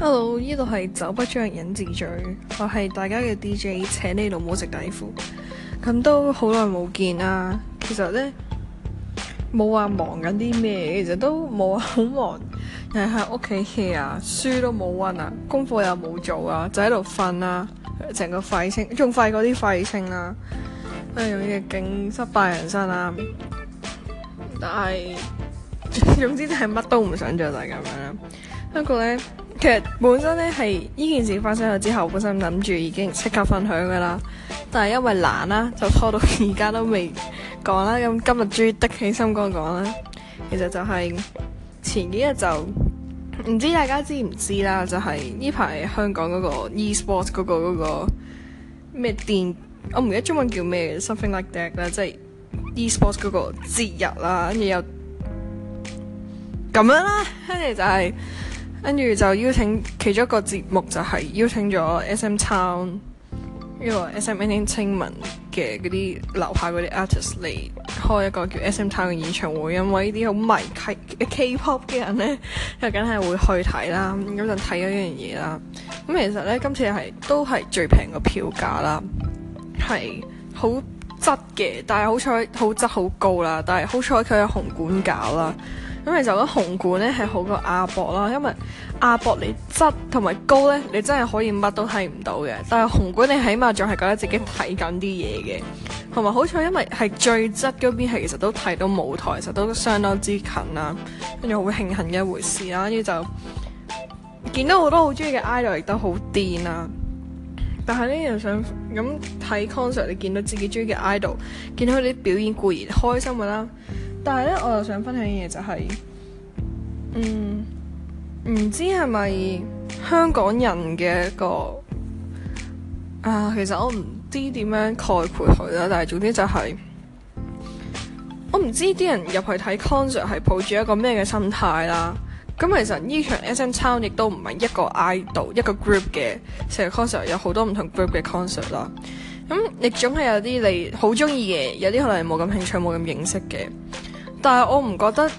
Hello，呢度係酒不醉人人自醉，我係大家嘅 DJ，請你老母食底褲。咁都好耐冇見啦，其實咧冇話忙緊啲咩，其實都冇話好忙，又係喺屋企歇啊，書都冇温啊，功課又冇做啊，就喺度瞓啦，成個廢青，仲快過啲廢青啦，唉、哎，用啲嘅勁失敗人生啦、啊，但係總之就係乜都唔想做就係咁樣啦，不過咧。其實本身咧，係呢件事發生咗之後，本身諗住已經即刻分享噶啦，但係因為懶啦，就拖到而家都未講啦。咁今日終於的起心肝講啦。其實就係前幾日就唔知大家知唔知啦，就係呢排香港嗰個 e-sports 嗰、嗰個嗰、嗰個咩電，我唔記得中文叫咩，something like that 啦、e，即係 e-sports 嗰個節日啦，跟住又咁樣啦，跟 住就係、是。跟住就邀請其中一個節目，就係邀請咗 S M Town，呢個 S M N In 青民嘅嗰啲樓下嗰啲 artist 嚟開一個叫 S M Town 嘅演唱會，因為呢啲好迷 K K-pop 嘅人呢，就梗係會去睇啦。咁就睇咗一樣嘢啦。咁其實呢，今次係都係最平嘅票價啦，係好質嘅，但係好彩好質好高啦，但係好彩佢有紅館搞啦。咁其實覺得紅館咧係好過亞博啦，因為亞博你質同埋高咧，你真係可以乜都睇唔到嘅。但係紅館你起碼仲係覺得自己睇緊啲嘢嘅，同埋好彩，因為係最質嗰邊，其實都睇到舞台，其實都相當之近啦，跟住好慶幸嘅一回事啦。跟住就見到好多好中意嘅 idol，亦都好癲啊！但係呢，又想咁睇 concert，你見到自己中意嘅 idol，見到佢哋啲表演固然開心噶啦。但係咧，我又想分享嘅嘢就係、是，嗯，唔知係咪香港人嘅一個啊，其實我唔知點樣概括佢啦。但係總之就係、是，我唔知啲人入去睇 concert 係抱住一個咩嘅心態啦。咁、啊啊、其實呢場 SM Town 亦都唔係一個 idol 一個 group 嘅，成個 concert 有好多唔同 group 嘅 concert 啦、啊。咁、啊、你總係有啲你好中意嘅，有啲可能冇咁興趣，冇咁認識嘅。但係我唔覺得，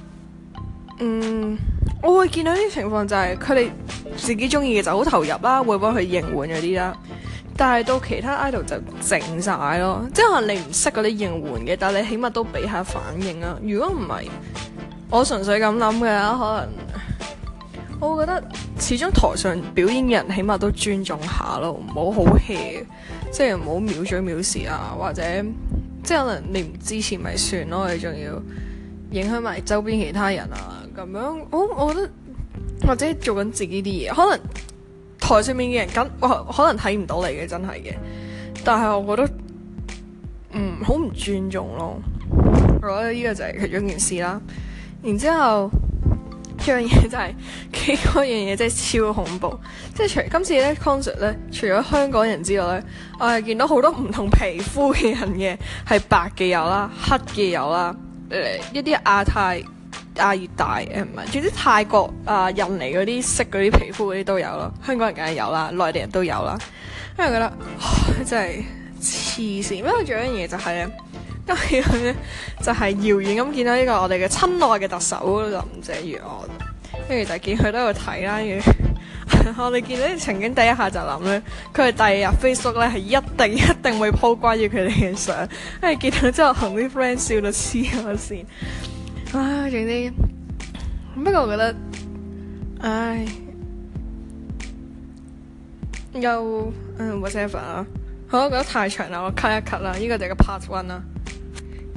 嗯，我會見到啲情況就係佢哋自己中意嘅就好投入啦，會幫佢應援嗰啲啦。但係到其他 idol 就靜晒咯，即係可能你唔識嗰啲應援嘅，但係你起碼都俾下反應啦。如果唔係，我純粹咁諗嘅，可能我會覺得始終台上表演嘅人起碼都尊重下咯，唔好好 hea，即係唔好藐嘴藐舌啊，或者即係可能你唔支持咪算咯，你仲要。影響埋周邊其他人啊，咁樣我、哦、我覺得或者做緊自己啲嘢，可能台上面嘅人咁，我、哦、可能睇唔到你嘅，真係嘅。但係我覺得，唔好唔尊重咯。我覺得呢個就係其中一件事啦。然之後、後、就係、一樣嘢就係幾個樣嘢真係超恐怖，即係除今次咧 concert 咧，除咗香港人之外咧，我係見到好多唔同皮膚嘅人嘅，係白嘅有啦，黑嘅有啦。誒、呃、一啲亞太、亞熱帶誒，唔係，總之泰國啊、呃、印尼嗰啲色嗰啲皮膚嗰啲都有咯，香港人梗係有啦，內地人都有啦，因為覺得唉真係黐線，因為最緊要嘢就係咧，因為佢咧就係遙遠咁見到呢個我哋嘅親愛嘅特首林鄭月娥，跟住就見佢都喺度睇啦，跟 我哋見到情景第一下就諗咧，佢係第二日 Facebook 咧係一定一定會 po 關於佢哋嘅相，因、哎、住見到之後同啲 friend 笑到黐咗線。唉，總、啊、之，不過我覺得，唉，又嗯 whatever 啊，好，我覺得太長啦，我 cut 一 cut 啦，呢、這個就係 part one 啦，呢、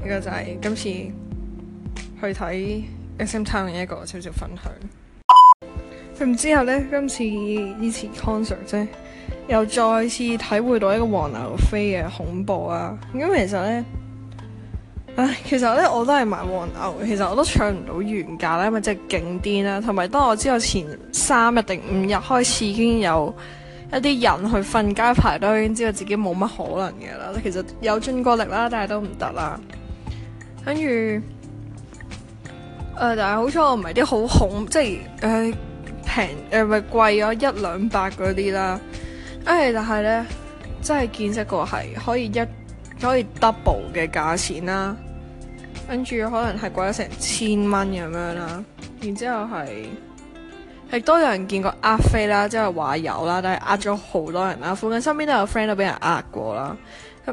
這個就係今次去睇 SM Town 嘅一個少少分享。咁之後呢，今次呢次 concert 咧，又再次體會到一個黃牛飛嘅恐怖啊！咁其實呢，唉、啊，其實呢，我都係買黃牛，其實我都搶唔到原價啦，因為即係勁癲啦。同埋，當我知道前三日定五日開始已經有一啲人去瞓街排隊，已經知道自己冇乜可能嘅啦。其實有盡過力啦，但係都唔得啦。跟住，誒、呃，但係好彩我唔係啲好恐，即係平咪貴咗一兩百嗰啲啦，誒但係咧，真係見識過係可以一可以 double 嘅價錢啦，跟住可能係貴咗成千蚊咁樣啦，然之後係亦都有人見過呃飛啦，即係話有啦，但係呃咗好多人啦，附近身邊都有 friend 都俾人呃過啦，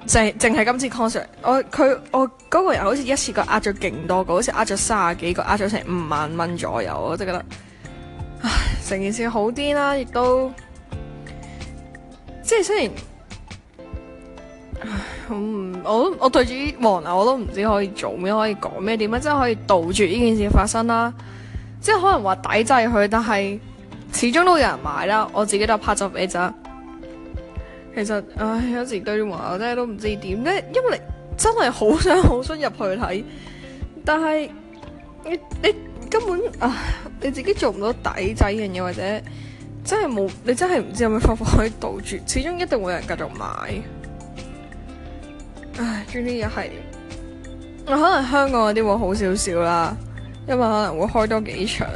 淨淨係今次 concert，我佢我嗰個人好似一次過呃咗勁多個，好似呃咗卅幾個，呃咗成五萬蚊左右，我真係覺得，唉～成件事好啲啦，啊，亦都即係雖然，唉我我我對住啲黃牛我都唔知可以做咩，可以講咩，點樣即係可以杜絕呢件事發生啦。即係可能話抵制佢，但係始終都有人買啦。我自己就拍咗畀佢咋。其實唉，有時對啲黃牛真係都唔知點咧，因為你真係好想好想入去睇，但係你你。你根本啊，你自己做唔到底仔嘅嘢，或者真係冇，你真係唔知有咩方法可以杜絕。始終一定會有人繼續買。唉，呢啲嘢係可能香港嗰啲會好少少啦，因為可能會開多幾場。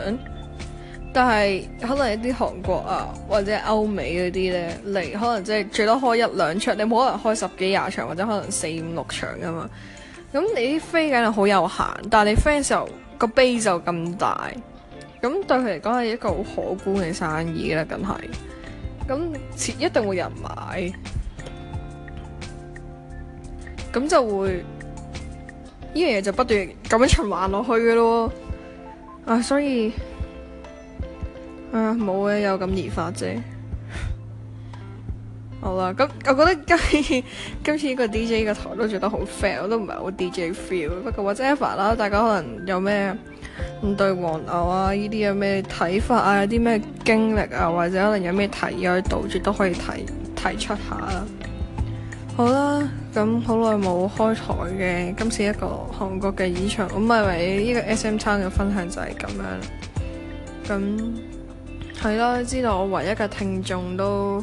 但係可能一啲韓國啊或者歐美嗰啲呢，嚟可能即係最多開一兩場，你冇可能開十幾廿場或者可能四五六場噶嘛。咁你啲飛緊係好有限，但係你飛嘅時候。個碑就咁大，咁對佢嚟講係一個好可觀嘅生意啦，梗係，咁一定會有人買，咁就會呢樣嘢就不斷咁樣循環落去嘅咯，啊，所以，啊，冇嘅，有咁易發啫。好啦，咁我覺得今次今次呢個 DJ 嘅台都做得好 fail，a 我都唔係好 DJ feel。Fe el，不過或者 Ever 啦，大家可能有咩唔對黃牛啊呢啲有咩睇法啊，有啲咩經歷啊，或者可能有咩提議去到住都可以提提出下啦。好啦，咁好耐冇開台嘅，今次一個韓國嘅演唱，咁咪為呢個 SM 餐嘅分享就係咁樣。咁係啦，知道我唯一嘅聽眾都。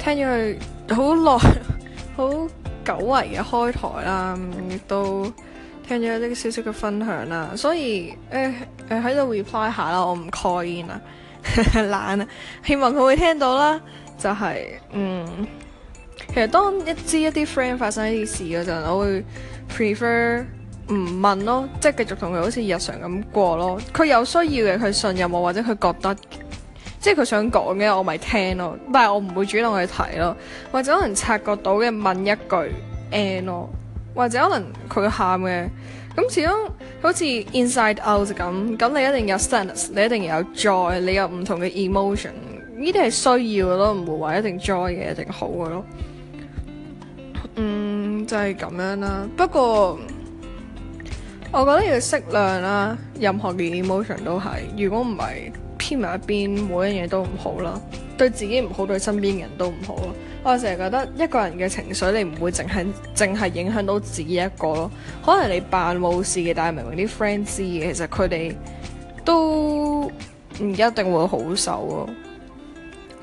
聽咗佢好耐、好 久違嘅開台啦，亦、嗯、都聽咗一啲少少嘅分享啦，所以誒誒喺度 reply 下啦，我唔 call in 啦，懶 啊，希望佢會聽到啦，就係、是、嗯，其實當知一知一啲 friend 發生呢啲事嗰陣，我會 prefer 唔問咯，即係繼續同佢好似日常咁過咯，佢有需要嘅，佢信任我或者佢覺得。即係佢想講嘅，我咪聽咯。但係我唔會主動去睇咯，或者可能察覺到嘅問一句 N 咯，或者可能佢喊嘅。咁始終好似 inside out 就咁，咁你一定有 sadness，你一定有 joy，你有唔同嘅 emotion 呢啲係需要嘅咯，唔會話一定 joy 嘅，一定好嘅咯。嗯，就係咁樣啦。不過我覺得要適量啦，任何嘅 emotion 都係。如果唔係，keep 埋一邊，每一樣嘢都唔好啦，對自己唔好，對身邊嘅人都唔好咯。我成日覺得一個人嘅情緒你，你唔會淨係淨係影響到自己一個咯。可能你扮冇事嘅，但係明明啲 friend 知嘅，其實佢哋都唔一定會好受咯。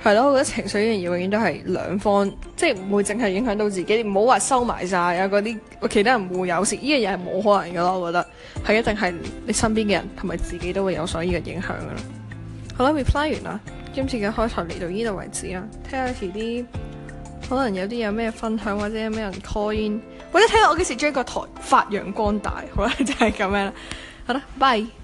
係咯，我覺得情緒呢樣嘢永遠都係兩方，即係唔會淨係影響到自己。唔好話收埋晒啊！嗰啲其他人會有事。呢樣嘢係冇可能噶咯。我覺得係一定係你身邊嘅人同埋自己都會有所依嘅影響噶啦。好啦，reply 完啦，今次嘅開頭嚟到呢度為止啦，睇下遲啲可能有啲有咩分享或者有咩人 call in，或者睇下我幾時將個台發揚光大，好啦，就係咁樣啦，好啦，拜。Bye.